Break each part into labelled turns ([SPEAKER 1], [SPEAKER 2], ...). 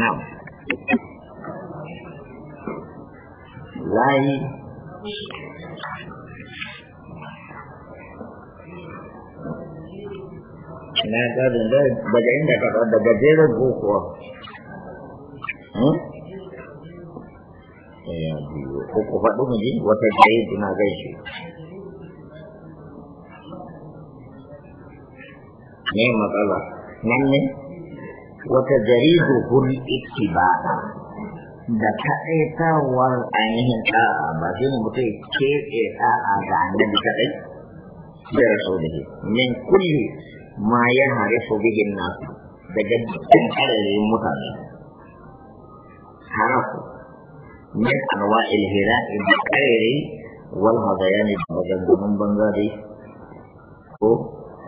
[SPEAKER 1] nào, hả? Này Now, lie ನಾಕಾದ್ರಿಂದ ಬಜೆಯಿಂದ ಕಟ್ಟ ಬಜೆರ ಹೋಗುವ Huku faɗi mu ji wata jayi Nghe mà Ne matsala, nan ne? wata jaridu hul ittibada da kaɗaitarwar ainihin ɗa'a ba shi ne mutum ke ɗa'a ga annabi kaɗai da shi. min kulli ma ya harifu bihin nasu daga dukkan ƙararin mutane harafu min anwa ilhira da ƙarari wal hadayani da maganganun banza dai ko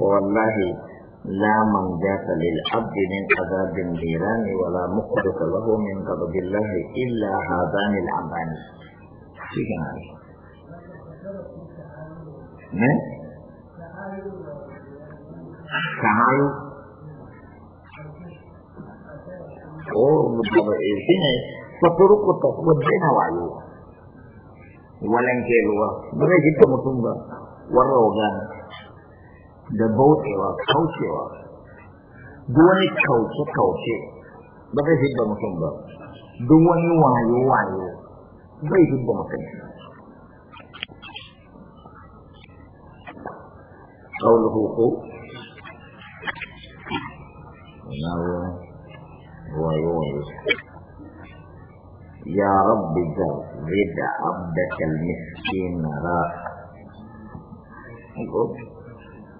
[SPEAKER 1] wallahi لا منجاة للعبد من عذاب النيران ولا مخرج له من غضب الله إلا هذان العبان سيكنا من تعالوا أو بالطبع شنو فطرق التقوى بين وعيوه ولن كيلوا بغير جدا مطنبا والروغان da bautewa kaucewa duk wani kauce-kauce ba zai hidda mutum ba duk wani wayo-wayo bai hidda mutum قوله هو ويوم zai da جرد عبدك المسكين راح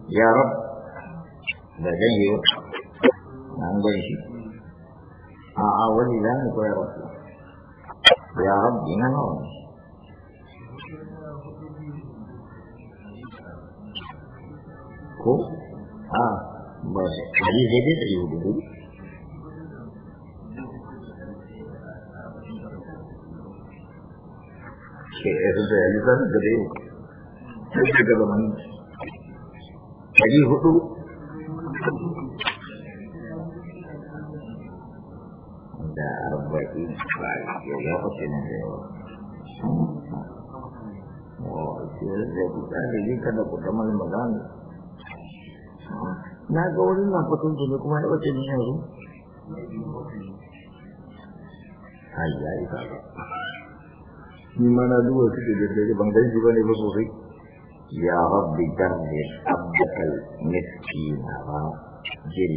[SPEAKER 1] ya rab da zai yi an gan shi a a wani za mu koya rasu ya rab ina nawa ne ko a ba shi ɗari zai dai yi hudu ke ɗari zai yi zan gare daga zamanin ɗari hudu da arba'in ba ya wasu ne da yawa na ga wurin nan kwatan ne kuma ya wace ne yanzu ai ya yi ba ni ma na duba suke da dare ban gan shi ba ne ba sosai يا رب دمر عبدك المسكين ذي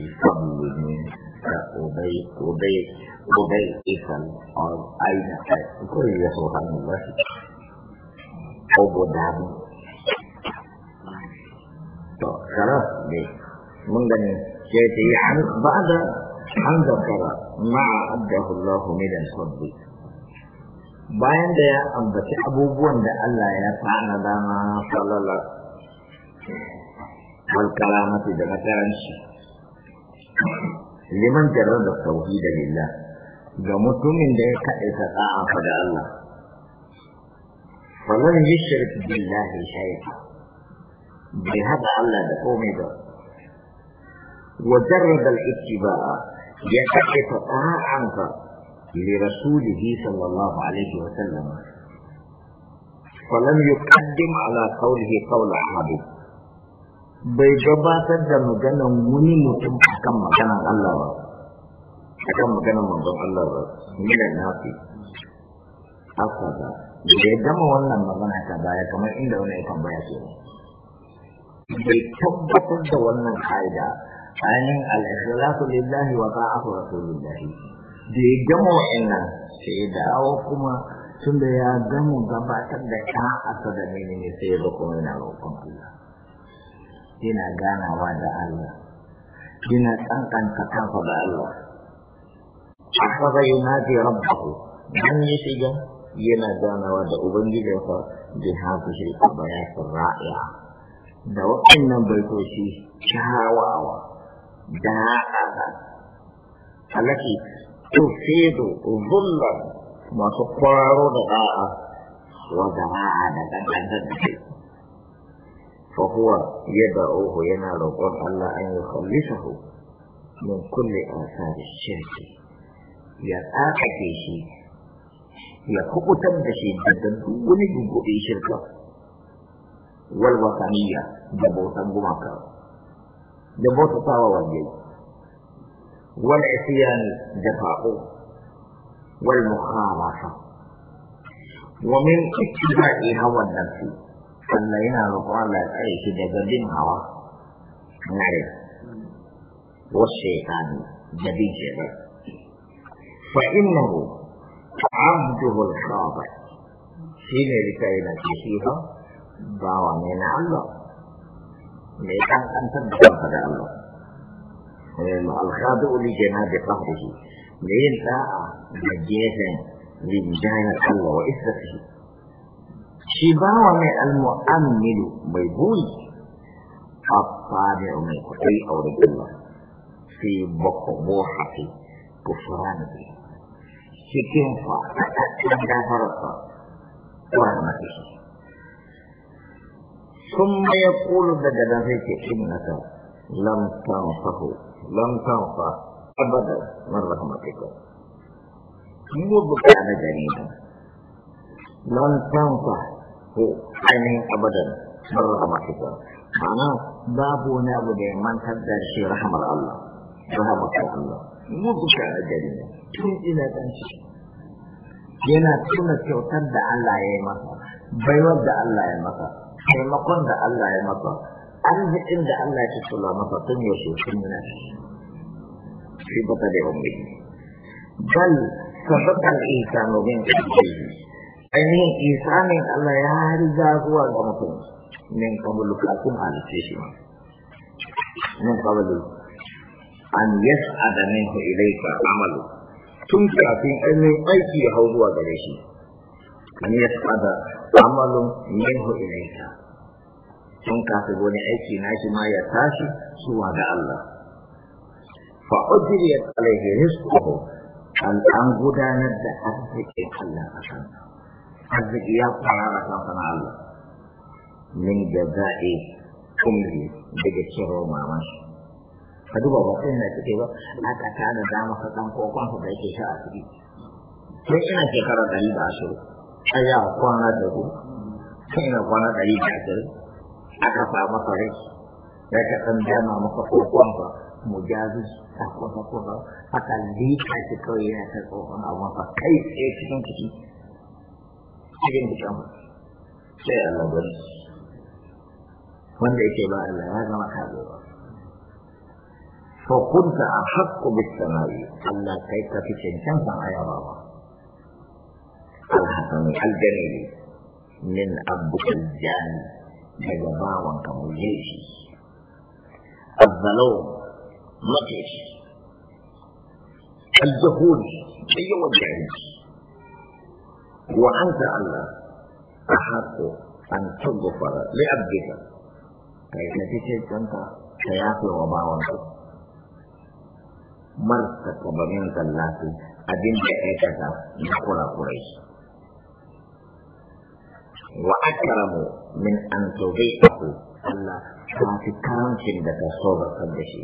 [SPEAKER 1] ابي ابي اثم او اين كل سبحان الله عبدان طيب، خلاص ممكن جيتي عن بعد عن ذكر ما عبده الله من الفضل bayan da ya ambaci abubuwan da Allah ya tsana dama salala wal karamati da makaranci liman jarar da da lillah ga mutumin da ya kaɗe ta fa da Allah falan yushrik billahi shay'a bai haɗa Allah da komai ba wa jarrada al-ittiba'a ya ta ta'anka لرسوله صلى الله عليه وسلم فلم يقدم على قوله قول أحد bai gabatar da maganan wani mutum akan maganan Allah ba akan maganan manzon Allah ba nafi haka ba bai gama wannan magana ta baya kamar inda wani ya tambaya ce bai tabbatar da wannan ka'ida ainihin al-ikhlasu lillahi wa ta'atu rasulillahi da ya gama wa'annan sai ya dawo kuma tun da ya gama gabatar da asa da menene sai ya zo kuma yana roƙon Allah yana ganawa da Allah yana tsankanta kansa da Allah haka yunadi rabbahu dan ya shiga yana ganawa da Ubangiji ubangijinsa bi a abayat ra'ya da waɗannan baitoci kyawawa da haka alaki تفيد ظلا وتقار دعاء ودعاء فهو يدعوه ينال الله أن يخلصه من كل آثار الشرك يتعاقب شيء يكبتن شيء جدا ونجب في شركة والوطنية جبوتا بمكة جبوتا طاوة والعصيان دفاعه والمخالفة ومن اتباع هوى النفس فلينا نقال أيش دبن هوى نعم والشيطان دبن شيطان فإنه عبده الخاضع حين بكلمة فيها باوى من الله لأن أنت بكلمة الله الخاضع لجناب قهره لين ساعة مجيزا لجانا الله وإسرته شبا ومن المؤمل ميبوي الطابع من أو أورد الله في بقبوحة كفرانه cikin fa cikin gafararsa rahmatihi ثم يقول بدل ذلك إنك لم تنصه lan fa abada man rahmatika mu buka da gare ta lan tanfa abada ainihin abadan man rahmatika ma'ana babu wani abu da ya mantar da shi rahmar Allah rahmatar Allah mu buka da gare ta tun ina dan shi yana tuna kyautar da Allah ya yi masa baiwar da Allah ya yi masa taimakon da Allah ya yi masa arzikin da Allah ya tula masa sun yi su sun na shi ba ta da wani bal sabakan insanu min qablihi ainihin isanin Allah ya riga zuwa ga mutum min qablu kafin halice shi min qablu an yas yas'ada minhu ilayka amalu tun kafin ainihin aiki ya hau zuwa gare shi an yas yas'ada amalun minhu ilayka sun kafi wani aiki shi ma ya tashi zuwa ga Allah fa ujriyat alayhi ko an an gudanar da arziki Allah a kan arziki ya fara a kan Allah min za'i kumri daga cewa mama shi ka duba ba kai na cike ba aka tana da maka dan kokon da yake sha a cikin. sai ina shekara ɗari da ashirin ai ya kwana da ku sai ina kwana ɗari da ashirin aka sa masa rai da ka ɗan dama masa kokon ba mujazi ta kwasa kwasa haka lika shi kawai yana ta tsohon abun sa kai tsaye cikin ciki cikin cikin sai Allah gani wanda yake ba Allah ya zama kazewa فكنت أحق بالسماء ألا كيف في شنشان فأيا بابا الحسن الجميل من أبك الجاني daga bawanka mai laifi azzalau matsayi الجهول أيوة الجاهل وأنت الله أحق أن تغفر لعبدك أي نتيجة أنت سيأتي وباوك مرتك وبمنك الله أدين بأيكك نقول قريش وأكرم من أن تضيئه ألا كافي كرامتين لك صوبة قدشي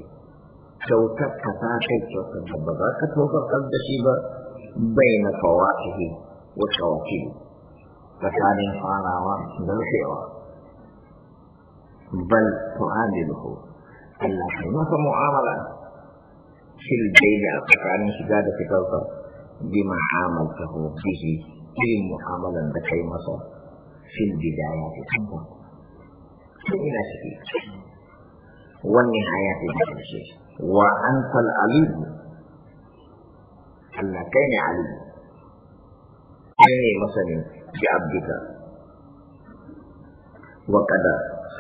[SPEAKER 1] كوتك كفاكي كوتك بضاك صوبة قدشي بين فواكه وكواكب فكان فاراوا بالخيوة بل تعادله ألا كلمة معاملة في البيت فكان شجاعة في بما عاملته به في معاملة بكي مصر في البدايات حبا في شيء والنهايات بهذا وأنت الأليم أن كان عليم أي مثلا بعبدك وقد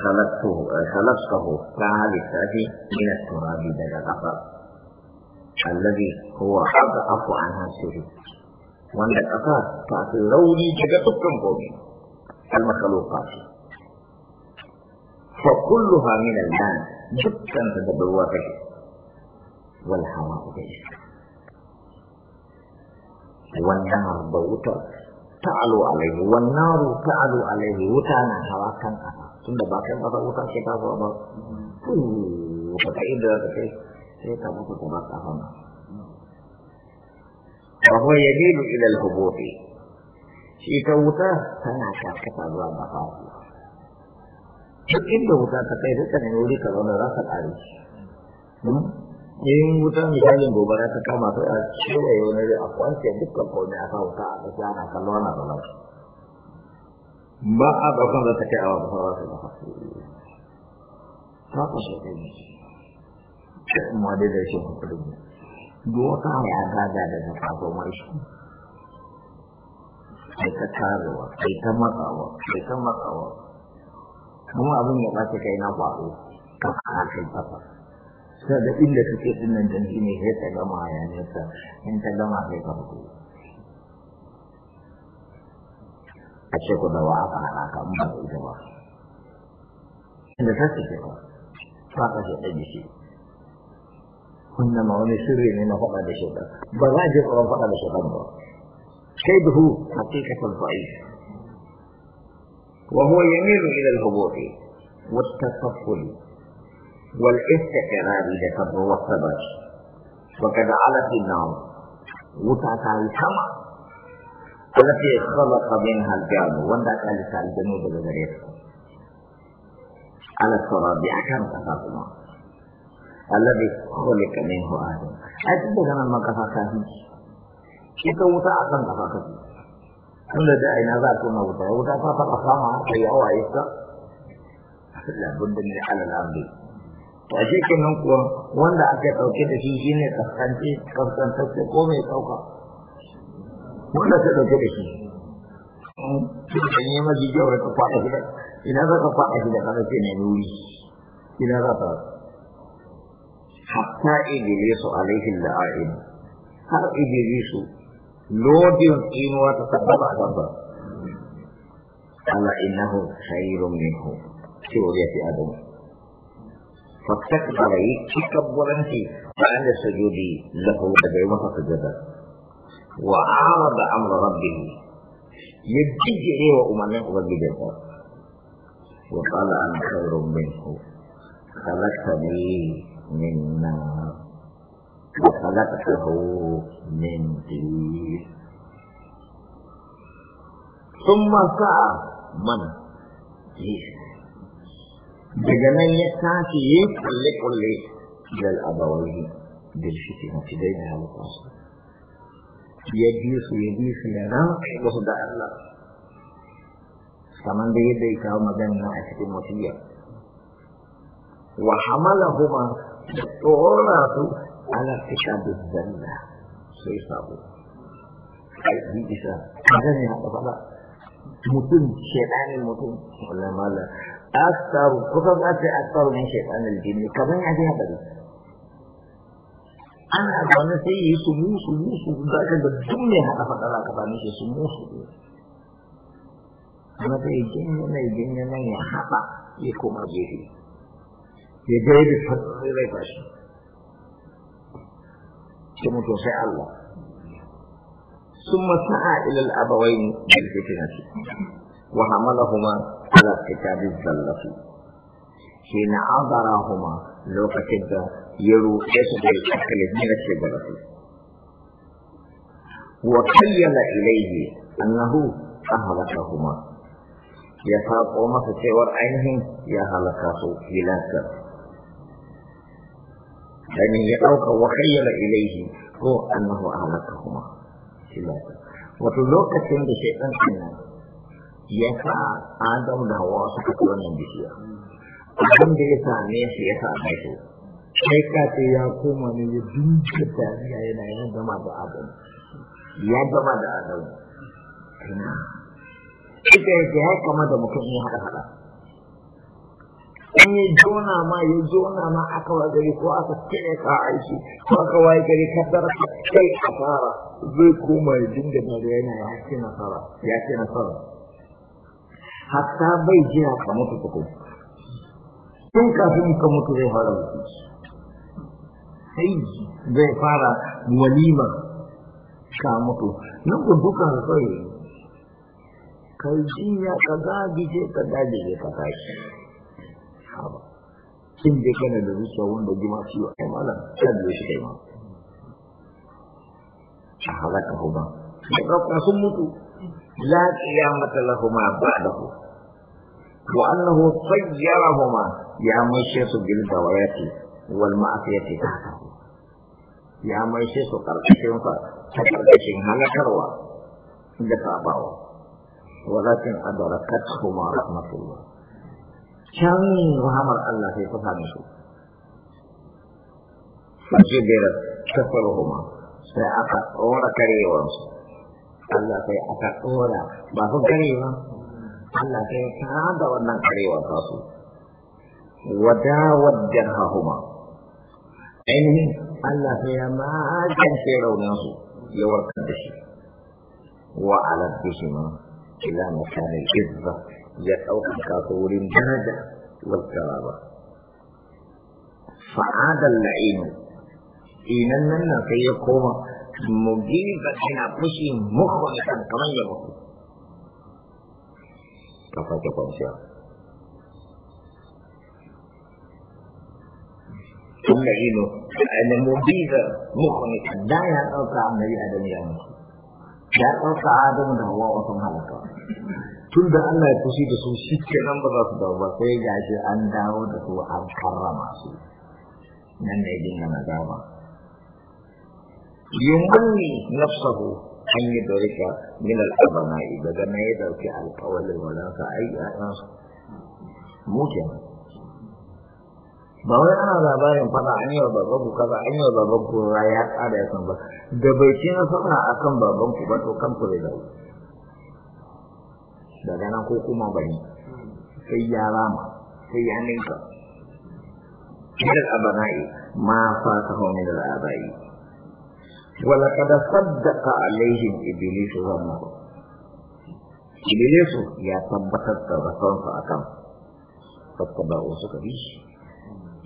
[SPEAKER 1] خلقته خلقته كهذه من التراب بين الأثر الذي هو أضعف عن نفسه وأن الأثر تعطي لوني جدا تكون المخلوقات فكلها من الماء جدا تدبر به والهواء به والنار بوتا تعلو عليه والنار تعلو عليه وتانا هواء كان أنا ثم باقي ما بوتا كذا هو ما فتايد هذا كذا وهو يميل إلى الهبوط shi ta wuta tana karkata zuwa ga fasu duk inda wuta ta kai duka ne wuri ka zauna za ka ƙare hmm? in wuta misalin gobara ta kama ta a kewaye wani a kwance dukkan kone a sa wuta a ƙasa ana kallo ana zama ba a ɗaukar da ta kai awa ba fara su ba ta ku shi kai ne ma dai da shi hukuri ne duwata ya gada daga kasuwar shi kai ta tarewa kai ta matsawa kai ta matsawa kuma abin ya ɓace kai na faru ka fara kai kafa sai da inda suke din nan dan ne sai ta gama ya ne ta in ta gama sai ka fito a ce ku da wa aka hana ka ba da ita ba inda ta ce ba ta ka ce da shi wannan ma wani sirri ne na faɗa da shi ba za a je tsoron faɗa da shi ba كيده حقيقة ضعيفة وهو يميل إلى الهبوط والتطفل والاستقرار لتبر والثبات وقد علت النار وتعطى السماء التي خلق منها الجان وندك على الجنوب الغريب على الصلاة بأحكام تفاقما الذي خلق منه آدم أجد أنا ما كفاكاهمش ita wuta a kan gaba kake tunda da aina za ta na wuta wuta ta taɓa sama ta yi hawa iska labun da mai alal amri to a shi kenan kuwa wanda aka ɗauke da shi shi ne kaskance kaskantacce ko mai ɗauka wanda ta ɗauke da shi shi da ne maji jawar ta kwaɗa shi da ina za ka kwaɗa shi da kana ce ne wuri ina za ta hatta idrisu alaihi la'ain har idrisu لودي الدين وتصدق على الله قال إنه خير منه سورية أدم فكتك علي تكبر أنت فأنا سجودي له بدعوة فجدا وأعرض أمر ربه يبتج إليه وأمنع وجد وقال أنا خير منه خلقتني من نار خلقته من طين ثم سعى من daga nan ya tashi ya kulle kulle dal abawai da shi ke mace dai da halitta ya bi su ya bi su ya rantsa musu da Allah kamar da yadda ya kawo magana a cikin wasiyya wa hamalahuma tsora su على ارتكاب الذنب سيصابوا أي دي إذا أغني هذا بلا متن شيطان المتن ولا مالا أكثر قصص أكثر من شيطان الجن كمان يعني هذا بلا أنا أبغى نسي يسمو سمو سمو ذاك الدم هذا فدلا كمان يسمو سمو سمو أنا في الجن أنا الجن أنا يا حبا يكون ki سي الله ثم سعى إلى الأبوين بالفتنة وحملهما على كتاب الزلة حين عذرهما لو كتب يروحيس بالأكل من الشجرة وكيل إليه أنه أهلكهما يساقهما في تشاور عينهم يا في هلاكا يعني يدعوك وخيل إليه هو أنه أهلكهما وتلوك سند شيطان أنه يسعى آدم لهوا سكتوا من بشيء أدم دي سامي سيسعى بيسو sai ka ce ya koma ne ya dinka tariya yana ya gama da adam ya gama da adam ita kama da mutum ne hada in yi jona ma ya jona ma aka wa gari ko aka cire ka aiki ko aka wa gari ka tsara kai a fara zai koma ya dinga daga yana ya ce nasara ya ce nasara hatta bai jiya ka mutu tukun tun kafin ka mutu zai fara mutu sai zai fara walima ka mutu nan ku duka kai kai jiya ka zagije ka zagije ka tashi ba kin dai kana da zuciya wanda gima shi wa kai malam kan da shi kai ma halaka huma da sun mutu la qiyamata lahuma ba'dahu wa annahu sayyarahuma ya maishe su bil dawayati wal ma'asiyati tahtahu ya maishe su karkashin fa ta karkashin halakarwa da ta bawo sabawa walakin adarakatuhuma rahmatullah kyamin rahamar Allah sai ta same su fajibirat kafaruhuma sai aka tsora karewansu Allah sai aka tsora ba su karewa Allah sai ya tara da wannan karewa ta su wadawar jarhahuma ainihin Allah sai ya magance rauninsu ya warkar da shi wa ala bihima ila makanin izza يتوقف كاثور الجنة والكرامة فعاد اللعين إن من في يقوم مجيبا إن أبوشي مخلصا كما يقول كفا كفا إن شاء الله ثم إن أن مجيبا مخلصا لا يرى كعب نبي آدم يعني لا يرى كعب من هو وصمها لكم tun da Allah ya fushi da su shi ke nan ba za su dawo ba sai ga shi an dawo da su an karrama su nan ne dinga na dama yumanni nafsahu an yi dorika min al'abana'i daga na ya dauki alkawalin wadansa ai ya'yansu mu kenan ba wai ana labarin fada an yi wa babanku kaza an yi wa babanku ya tsada ya san ba da bai ci sauna akan babanku ba to kanku zai dawo daga nan ko kuma bari sai ya rama sai ya ninka min al-abana'i ma fatahu min al-abai wa laqad saddaqa alaihim iblis zannahu iblis ya tabbatar da rasansa akan fattaba'u suka bi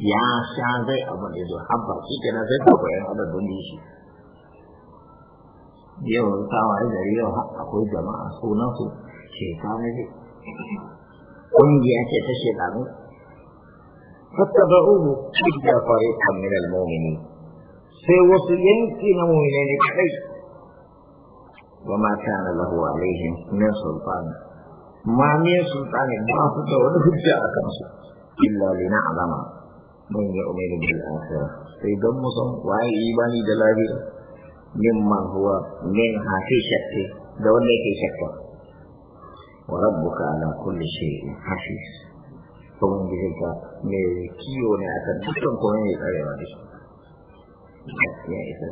[SPEAKER 1] ya sha zai abu da zo habba shi kenan zai ta koyan adadin da shi yau ta wa gari yau akwai jama'a sunan su shekara ne ƙungiya ce ta shekaru fattaba'uhu illa fariqan min al-mu'minin sai wasu yanki na mu'minai ne kadai wa ma kana lahu alaihim min sultan ma min sultan ba su da wani hujja a kansu illa lina'lama man yu'minu bil akhirah sai don mu san waye imani da lafiya mimman huwa min hafi shakki da wanda yake shakka warabbuka ala kulli shay'in hafiz to mun me kiyo ne akan dukkan koyon ya tsare ba dai ya isa